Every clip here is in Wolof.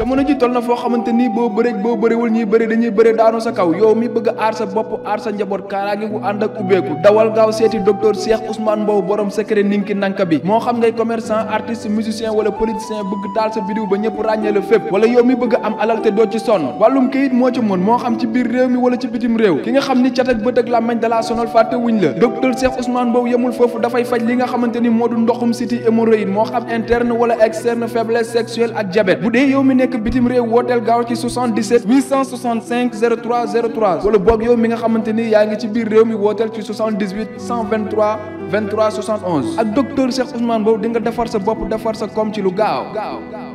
jamono ji toll na foo xamante ni boo bëree boo bëriwul ñuy bëri dañuy bëri daanu sa kaw yow mi bëgg a aar sa bopp aar sa njaboot kaaraange gu ànd ak ubbeeku dawal gaaw seeti docteur Cheikh Ousmane Mbow borom secret ninki nanka bi moo xam ngay commerçant artiste musicien wala politicien bëgg daal sa vidéo ba ñëpp ràññee la fépp wala yow mi bëgg am alal te doo ci sonn wàllum kayit moo ci mën moo xam ci biir réew mi wala ci bitim réew ki nga xam ni cat ak bët ak làmmañ dalaa sonal la docteur Cheikh Ousmane Mbow dafay faj li nga xamante ni moo du ndoxum siti hémorroïde moo xam interne wala externe faiblesse sexuelle ak diabète bu dee yow mi nekk nekk bitim réew wooteel gaaw ci 77 865 03 03 wala boog yow mi nga xamante ni yaa ngi ci biir réew mi wooteel ci 78 123 23 71 ak docteur Cheikh Ousmane boobu di nga defar sa bopp defar sa koom ci lu gaaw gaaw.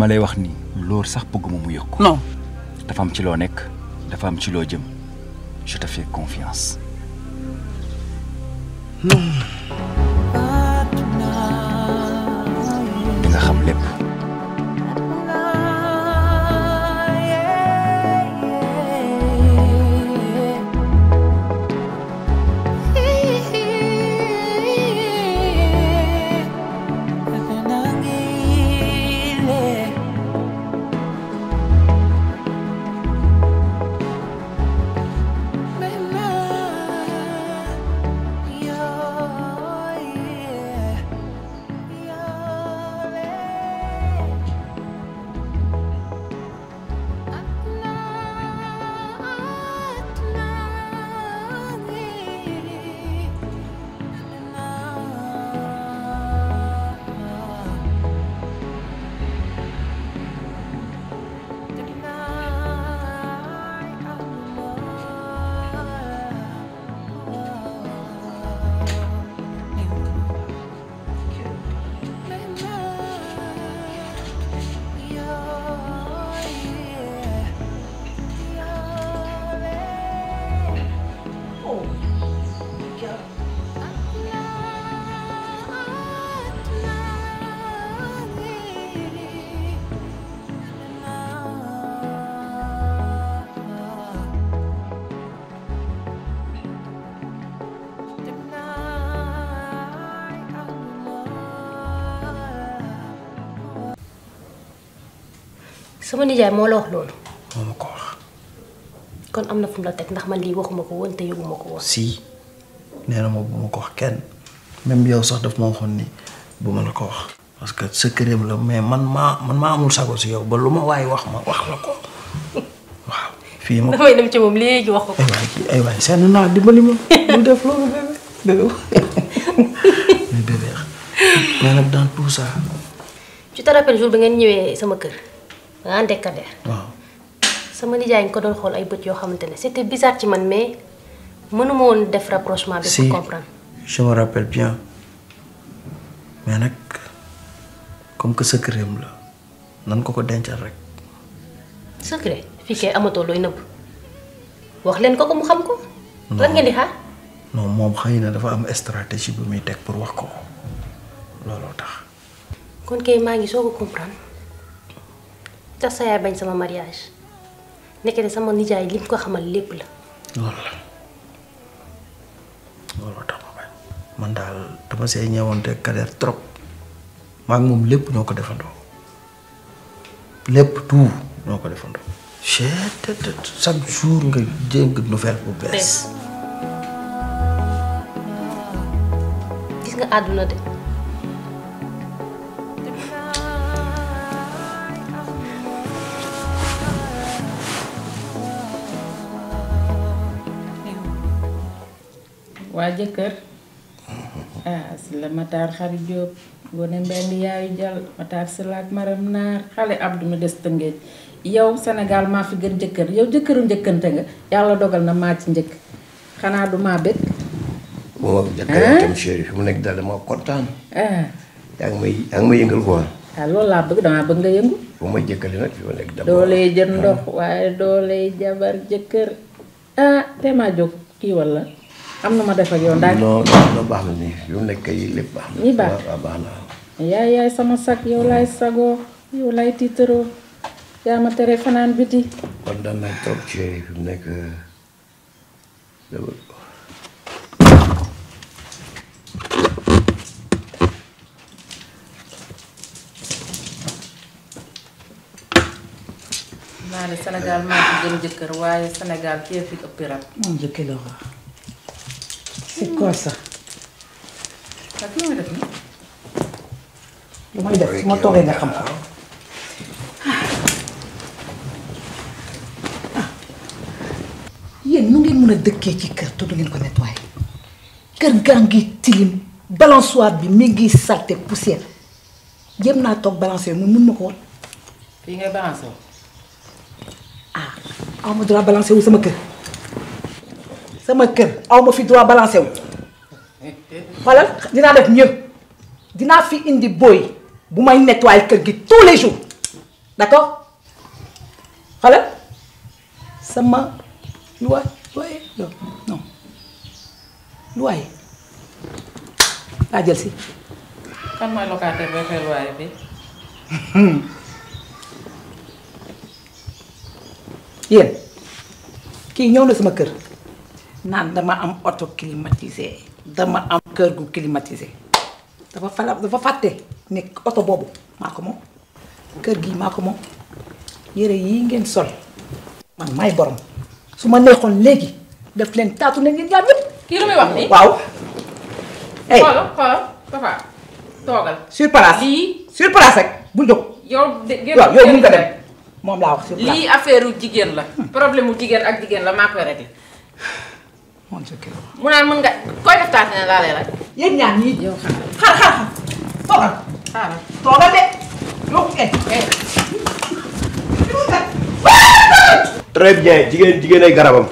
ma lay wax nii loolu sax bëgguma mu yëg ko. non dafa am ci loo nekk dafa am ci loo jëm je te fais sama nijaay moo la wax loolu. moo ma ko wax. kon am na fu la teg ndax man lii waxuma ko woon te yëguma ko woon. si na ma bu ma ko wax kenn même yow sax daf ma waxoon ni bu ma la ko wax. parce que secret la mais man maa man maa amul sago si yow ba lu ma waaye wax ma wax la ko waaw. fii moom damay dem moom léegi wax ko. aywaay kii aywaay seen naa dimbali ma lu def loolu bébé bébé mais nag dans tout ça. tu jour bi ngeen ñëwee sama kër. ah Ndekader. waaw sama nijaay ñu ko doon xool ay bët yoo xamante ne c'était bizarre ci man mais mënu ma woon def rapprochement. bi pour comprendre je me rappelle bien mais nag comme que secret am la nan ko ko dencal rek. secret fii kay amatoo looy nëbb wax leen ko ko mu xam ko. lan ngeen di xaar. non moom xëy na dafa am stratégie bu muy teg pour wax ko ko looloo tax. kon kay maa ngi soo a comprendre. tax sa yaay bañ sama mariage nekk sama nijaay li mu ko xamal lépp la. loolu la loolu ma bañ man daal dama see ñëwante Kader trop maa ngi moom lépp ñoo ko defandoo lépp tout ñoo ko defandoo. te chaque jour nga jéng nouvelle bu bees. gis nga àdduna de. waa jëkkër mm-hmm. ah, si la Matar xari Diop mbenn yaayu jal Matar si laak maram naar xale Abdou mi des tëngéej yow Sénégal maa fi gën jëkkër yow jëkkëru njëkkante nga yàlla dogal na maa ci njëkk xanaa du ah? ah. bëgg bu ma jëkkali nag fi nekk dama doolee jën ndox hmm. waaye doolee jabar jëkkër ah maa jóg kii walla am na ma def ak yow ndax. non non baax na nii lu nekk yi lépp baax na. baax yaay yaay sama yow laay sagoo yow laay tiitaroo yaa ma tere fanaan biti. kon daan euh, naa maa ngi gën jëkkër waaye senegaal kii fi ëpp rab. c'est quoi ça. lu may def ma toogee nga xam ko. yéen nu ngeen mën a dëkkee ci kër te ngeen ko nettoyé kër gaa ngi tilim balançoire bi mi ngi salté poussière jéem naa toog balancé mu mun ma ko woon. fii ngay balancé ah, wu. sama kër. sama kër aw ma fi droit balancé wu xoolal dinaa def ñëpp dinaa fi indi booy bu may nettoyer kër gi tous les jours d'accord xoolal sama loi loyer yow non loyer laa jël si. kan mooy locataire bi fay loyer bi. yéen kii ñëw na sama kër. naan dama am auto climatisé dama am kër gu climatisé dafa fala dafa fàtte ne oto boobu maa ko moom kër gii maa ko moom yére yi ngeen sol man maay borom su ma neexoon léegi def leen taatu ne ngeen jaar yëpp. kii wax nii waaw. hey xoolal lii sur place rek bul jóg. yow waaw yow mun nga dem moom laa wax sur lii affaire jigéen la. Hmm. problème mu jigéen ak jigéen la maa koy réglé. moom sa kër. mu naan mën nga koy def taat ne laa lay laaj. yéen ñaar ñii. toogal. xaaral toogal de yow eh eh. très bien jigéen jigéen ay garabam.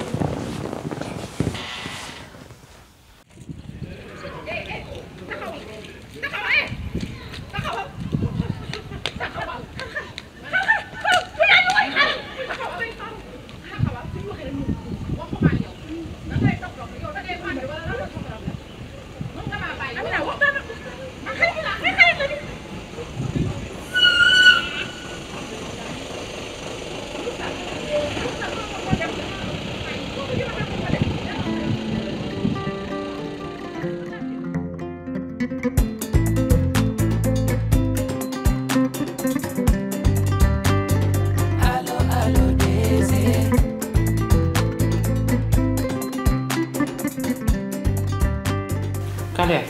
Kader,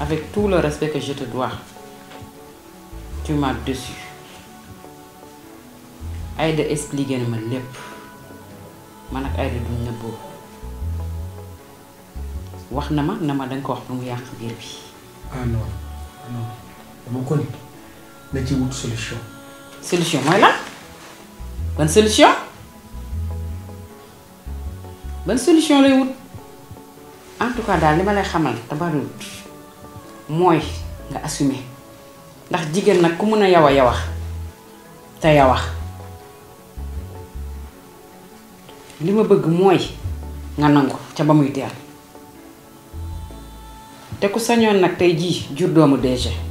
avec tout le respect que je te dois, tu expliqué na ma lépp man ak Aïda duñ nëbboo wax na ma na ma danga ko wax bu mu yàq biir bi. Ah na ci solution. solution mooy lan ban solution ban solution lay wut en tout daal li ma lay xamal te bariwul mooy nga assumer ndax jigéen nag ku mën a yawa yawa te yawa li ma bëgg mooy nga nangu ca ba muy teel te ku sañoon nag tey jii jur doomu DG.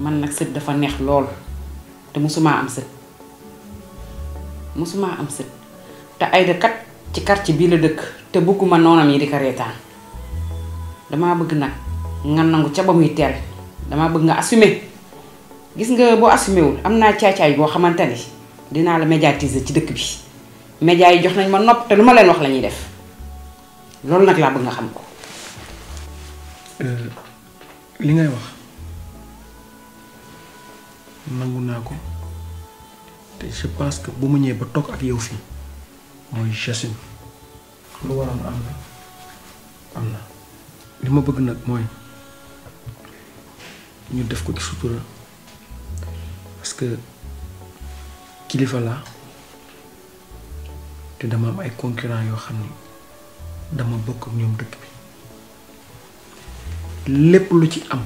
man nag sët dafa neex lool te mosumaa am sët mosumaa am sët te Aida kat ci quartier bii la dëkk te bëgguma noonam yi di ko reetaan damaa bëgg nag nga nangu ca ba muy teel damaa bëgg nga assumer gis nga boo assumé wul am naa caay-caay boo xamante ni dinaa la médiatiser ci dëkk bi média yi jox nañ ma nopp te lu ma leen wax la ñuy def loolu nag laa bëgg nga xam ko. Euh, li ngay wax. nangu naa ko te je pense que bu ma ñëwee ba toog ak yow fii mooy Jacine lu waroon am na am na li ma bëgg nag mooy ñu def ko ci sutura parce que kilifa la te dama am ay concurrent yoo xam ni dama bokk ñoom dëkk bi lépp lu ci am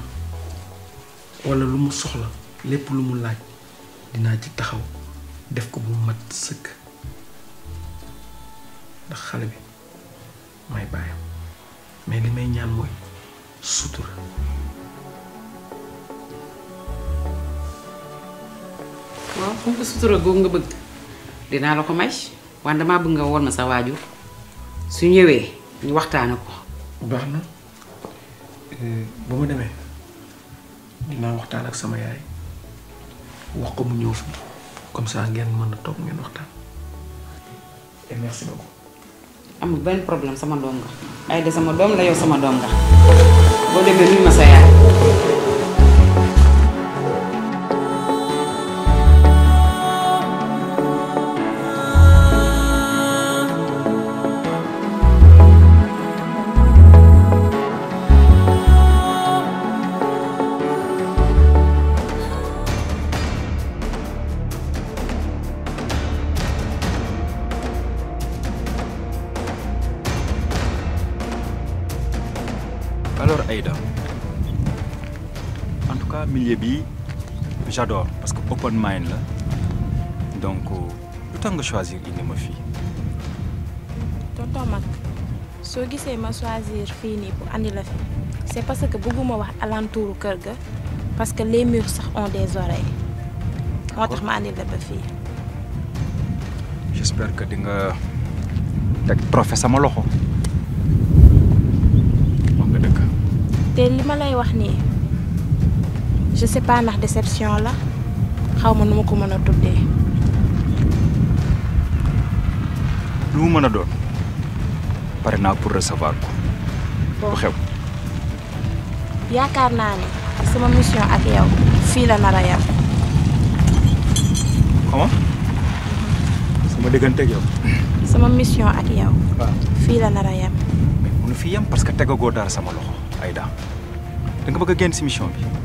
walla lu mu soxla lépp lu mu laaj dinaa ci taxaw def ko bu mat sëkk ndax xale bi may bàyyam mais li may ñaan mooy sutura waaw fu ko sutura googu nga bëgg dinaa la ko may waaye damaa bëgg nga woon ma sa waajur su ñëwee ñu waxtaane ko baax na euh, bu ma demee dinaa waxtaan ak sama yaay wax ko mu ñëw fi comme ça ngeen mën a toog ngeen waxtaan. et eh, amul benn problème sama doom nga. ay de sama doom la yow sama doom nga. boo demee nuyu ma sa yaay. j'adore parce que open mind la donc lu tax nga choisir indi ma fii. tonton mag soo gisee ma choisir fii nii pour andi la fi c' parce que bëgguma wax alentouru kër ga parce que les murs sax ont des oreilles. moo tax ma andi la ba fii. j' que di nga teg trophée sama loxo. wax nga dëgg. te li ma lay wax nii. je sais pas ndax déception la xaw ma nu ma ko mën a tuddee. lu mu mën a doon pare naa pour recevoir ko. bu xew. yaakaar naa ne sama mission ak yow fii la nar a yem. comment. Mhm. sama diggante ak yow. sama mission ak yow. Ah. fii la nar a yem. mais munu fi yem parce que tegagoo dara sama loxo Aïda da nga bëgg a génn si mission bi.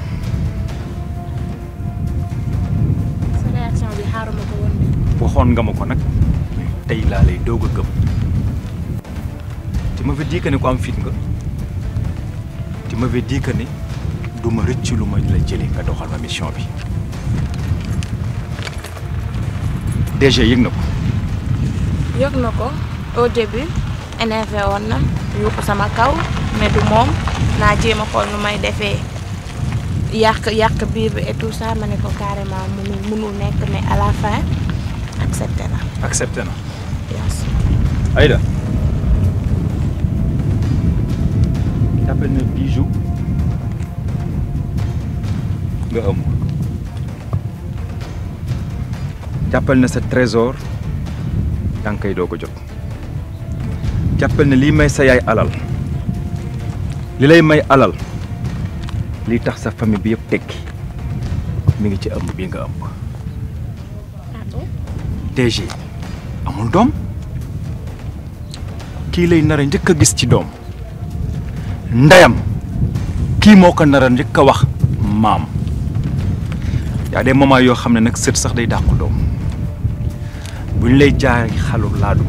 waxoon nga ma ko nag tey laa lay doog a gëm tu ma dit que ne ko am fit nga tu m'avais dit que ne du ma rëcc lu ma la jëlee nga doxal ma mission bi déjà yëg na ko yëg na ko au début énervé woon na yuuxu sama kaw mais du moom naa jéem a xool nu may defee yàq yàq biir bi et saa ma ne ko carrément munu munu nekk mais à la fin accepté na. accepté na. yes. na bijou nga ëmb. jàppal na sa trésor yaa ngi koy doog jot jàppal na lii may sa yaay alal li lay may alal lii tax sa famille bi yëpp tekki mu ngi ci ëmb bi nga ëmb. DG amul doom kii lay nar a njëkk a gis ci doom ndeyam kii moo ko nar a njëkk a wax maam yaa de moments yoo xam ne nag sët sax day dàqu doom buñ lay jaay xalu laadu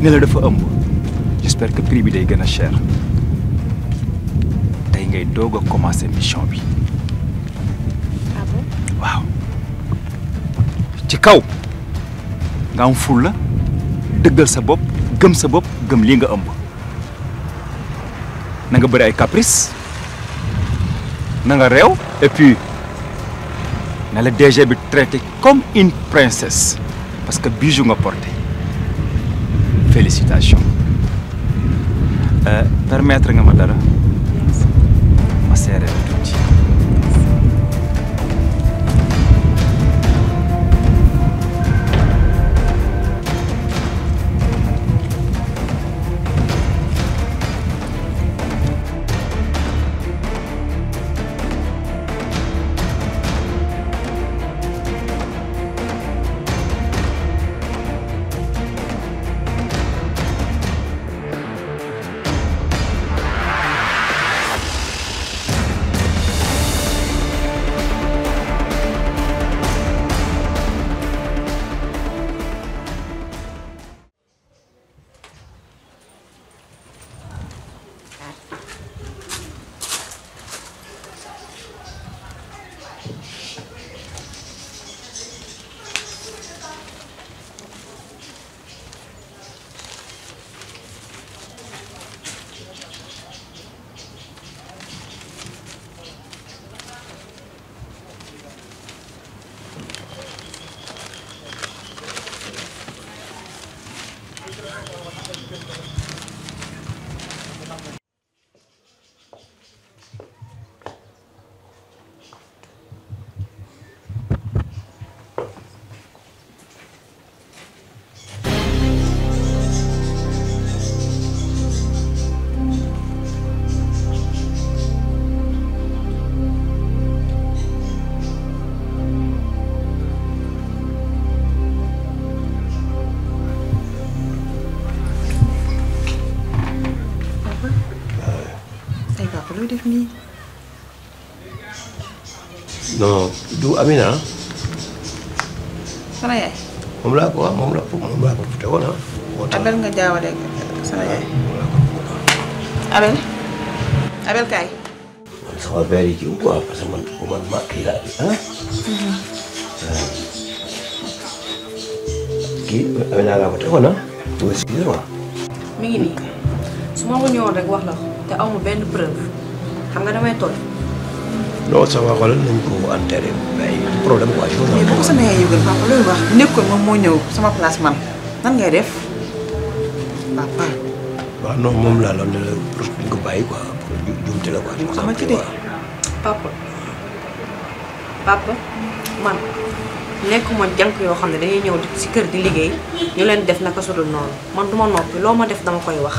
ne la dafa ëmb j'espère que prix bi day gën a cher tey ngay doog a commencer mission bi ah waaw ci kaw nga am la dëggal sa bopp gëm sa bopp gëm lii nga ëmb na nga bëri ay caprice na nga réew et puis na la DG bi traité comme une princesse parce que bijou nga porté félicitations euh, permettre nga ma dara looy def nii. du Amina. sama yaay. moom laa ko wax moom laa ko moom laa ah. Abel nga jaawale sama yaay. Abel. kaay. man sama verre yi jiw parce que man ah. mm-hmm. kii ah. nii su ma ko ñëwoon rek wax la te aw ma benn preuve. xam nga damay toll. non sama xol nañ ko enterré bàyyi problème quoi. mais bu ko sama yaay yëgal papa loolu wax nekkoon moom moo ñëw sama place man nan ngay def papa. waaw non moom laa la ne la la ko xamante ne papa papa man nekkuma yoo xam ne dañuy ñëw si kër di liggéey ñu leen def naka sudul noonu man du ma noppi loo ma def dama koy wax.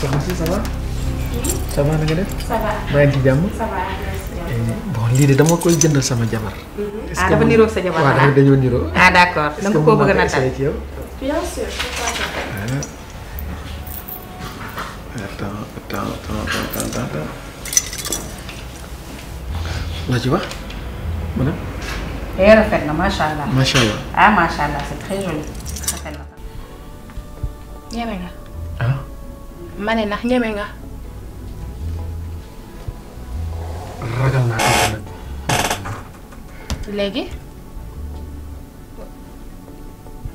soxna si ça va. ça va na nga def. ça va maa ngi ci jàmm. ça va eh, bon lii de dama koy jëndal sama jabar. Mm-hmm. est-ce ah, que ah dafa niroog sa jabar waaw dafa ah. dañoo niroo. ah d'accord dama ko bëgg na taal ci yow. bien sûr. Ah. attends attends attends attends attends. loo ci wax ma ne. eh rafet na macha allah. macha allah ah macha allah c'est très joli rafet na. yéen a nga. ma ne ndax ñeme nga. ragal naa ko léegi.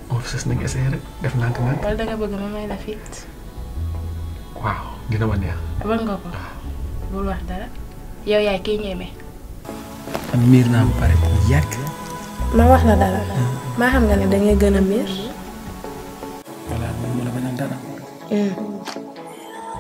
moom sës nañ rek def naa ko nag. wala danga bëgg ma may la fit. waaw dina ma neex. bëgg nga ko. bul wax dara. yow yaay kii ñeme. am miir naa ba pare yàgg. ma wax la dara. Hmm. maa xam nga ne dangay gën a miir. voilà man ma la bañ dara. Hmm.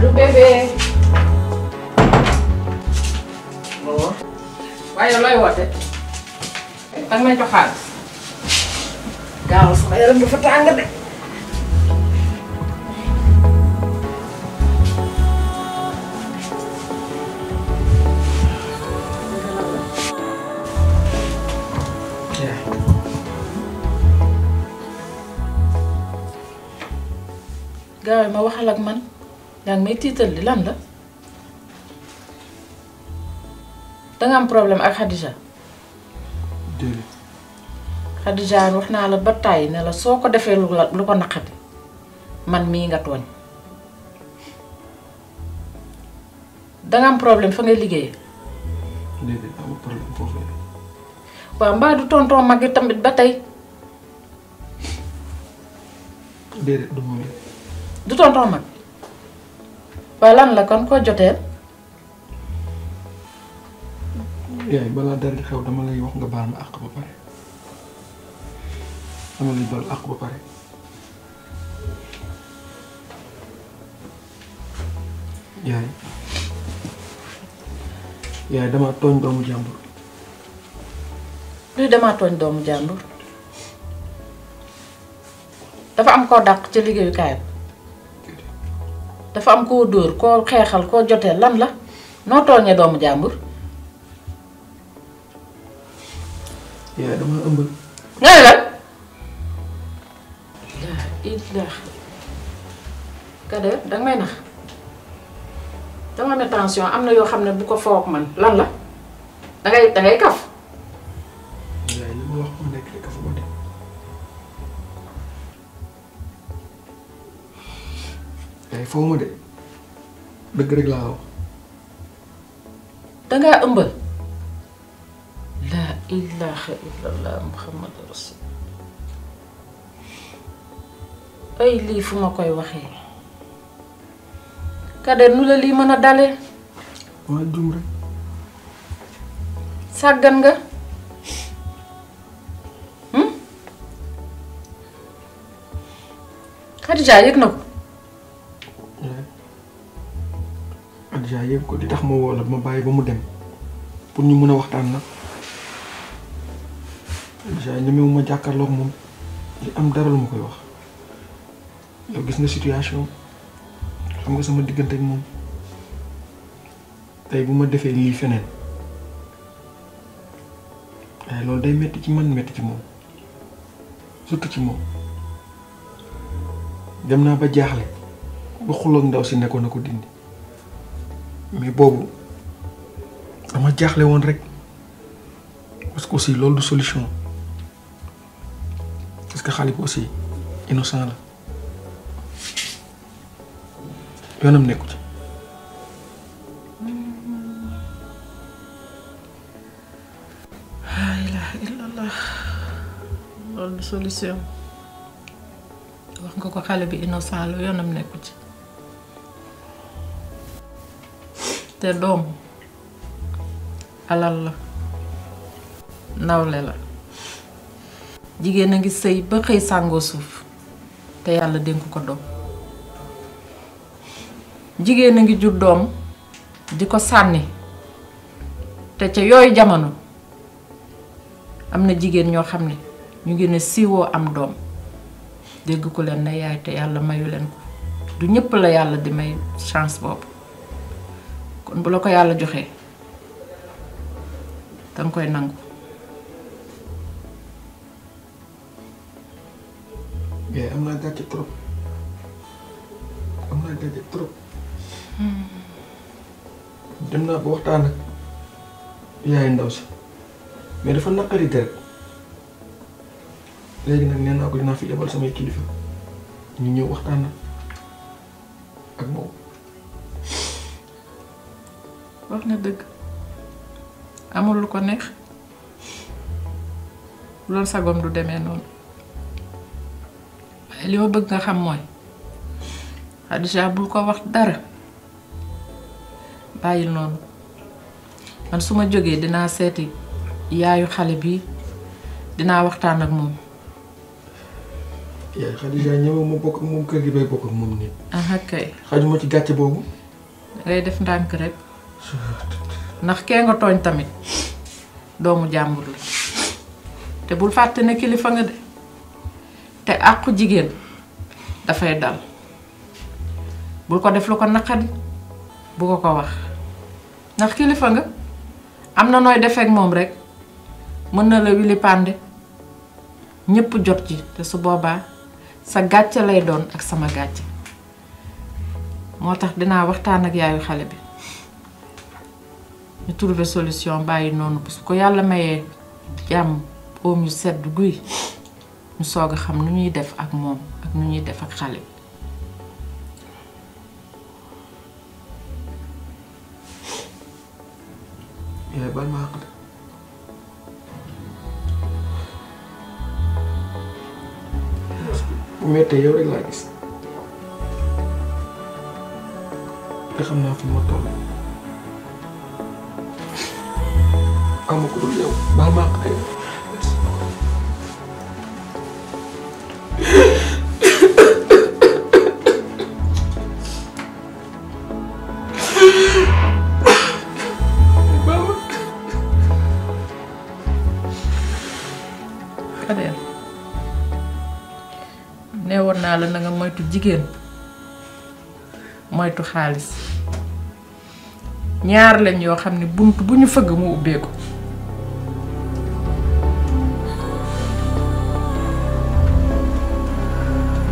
Àdùn bébé. Bọ̀wọ̀. Waaye looy woote. Danga may jox xaalis. Gaaw sama yaram dafa tàng de. gaawee ma waxal man yaa ngi may tiital di lan la danga am problème ak Khadija. déedéet. wax naa la ba tàyyi ne la soo ko defee lu ko naqati man mii nga tooñ danga am problème fa ngay liggéeyee. déedéet amul problème waaw mbaa du tonton mag tamit ba tey. du tonton mag. waaye lan la kon koo jotee yaay balaa dara di xew dama lay wax nga baal ma àq ba pare yaay yaay dama tooñ doomu jàmbur. luy dama tooñ doomu jàmbur. dafa am koo dàq ci liggéeyukaayam. dafa am koo dóor koo xeexal koo jotee lan la noo tooñee doomu jàmbur. yaa dama ëmb. nga ne la. illah Kader danga may nax dama ne tension am na yoo xam ne bu ko foog man lan la dangay dangay kaf. foo ma de dëgg rek laa wax. dangaa ëmbal. la ilaha illallah muhammad rasul ay lii fu ma koy waxee. Kader nu la lii mën a dale waa sàggan nga. Hmm? Xadija yëg na ko. ma bàyyi ba mu dem pour ñu mën a waxtaan nag déjà ñemewu ma jàkkaarloog moom li am dara lu ma koy wax yow gis nga situation xam nga sama diggante moom tey bu ma defee lii feneen waaye loolu day metti ci man metti ci moom surtout ci moom dem naa ba jaaxle ba xuloog ndaw si nekkoon a ko dindi mais boobu. dama jaaxle rek parce que aussi loolu du solution parce que xale bi aussi innocent la nekku ci laa solution wax ko xale bi innocent la yoonam nekku ci te doom alal la nawle la jigéen a ngi sëy ba xëy sàngoo suuf te yàlla dénk ko doom jigéen a ngi jur doom di ko sànni te ca yooyu jamono am na jigéen ñoo xam ne ñu ngi ne siiwoo am doom dégg ko leen na yaay te yàlla mayu leen ko du ñëpp la yàlla di may chance boobu kon bu la ko yàlla joxee danga koy nangu. mais am naa gàcce trop am naa gàcce trop. dem naa ba waxtaan ak yaay ndaw si mais dafa naqari rek léegi nag nee ko dinaa fi yebal samay kilifa ñu ñëw waxtaan ak moom. wax na dëgg. amul lu ko neex loolu sagom du demee noonu waaye li ma bëgg nga xam mooy Xadija bul ko wax dara bàyyil noonu man su ma jógee dinaa seeti yaayu xale bi dinaa waxtaan ak moom yaay Xadija ñëw ma bokk moom kër gi bay bokk ak moom nii ah kay xajuma ci gàcce boobu dangay def ndànk rek ndax kee nga tooñ tamit doomu jàmbur la te bul fàtte ne kilifa nga de te àqu jigéen dafay dal bul ko def lu ko naqadi bu ko ko wax ndax kilifa nga am na nooy defeek moom rek mën na la wili pànde ñépp jot ci te su boobaa sa gàcce lay doon ak sama gàcce moo tax dinaa waxtaan ak yaayu xale bi ñu solution bàyyi noonu parce que ko yàlla mayee jàmm oom yu sedd guy ñu soog a xam nu ñuy def ak moom ak nu ñuy def ak xale bi mettee yow rek laa gis te xam naa fi ma ma ko naa la na moytu jigéen moytu xaalis ñaar lañ yoo xam ne bunt bu ñu fëgg mu ubbeeku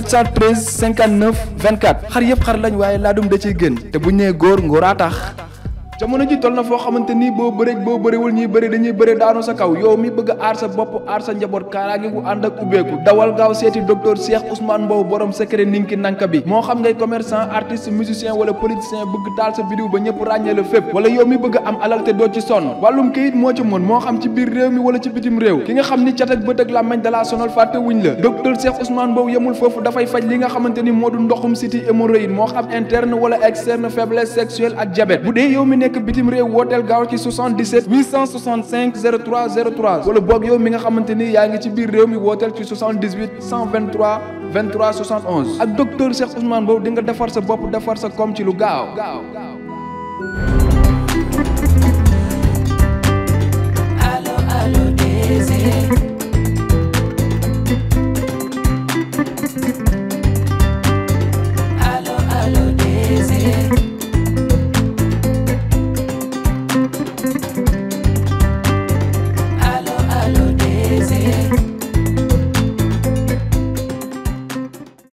413 59 24 xar yëpp xar lañ waaye laa dum da ciy gën te bu ñëwee nee góor ngóoraa tax jamono ji toll na foo xamante nii boo bëree boo bëriwul ñuy bëri dañuy bëri daanu sa kaw yow mi bëgg a aar sa bopp aar sa njaboot kaaraange gu ànd ak ubbeeku dawal gaaw seeti docteur Cheikh Ousmane Mbow borom secret ninki nanka bi moo xam ngay commerçant artiste musicien wala politicien bëgg daal sa vidéo ba ñëpp ràññee la fépp wala yow mi bëgg am alal te doo ci sonn wàllum kayit moo ci mën moo xam ci biir réew mi wala ci bitim réew ki nga xam ni cat ak bët ak làmmañ dalaa sonal fàtte wuñ la docteur Cheikh Ousmane dafay faj li nga xamante ni moo du ndoxum siti moo xam interne wala externe faiblesse sexuelle ak diabète yow mi nekk bitim réew wooteel gaaw ci 77 865 03 wala boog yow mi nga xamante ni yaa ngi ci biir réew mi wooteel ci 78 123 23 71 ak docteur Cheikh Ousmane boobu di defar sa bopp defar sa koom ci lu gaaw gaaw gaaw. allo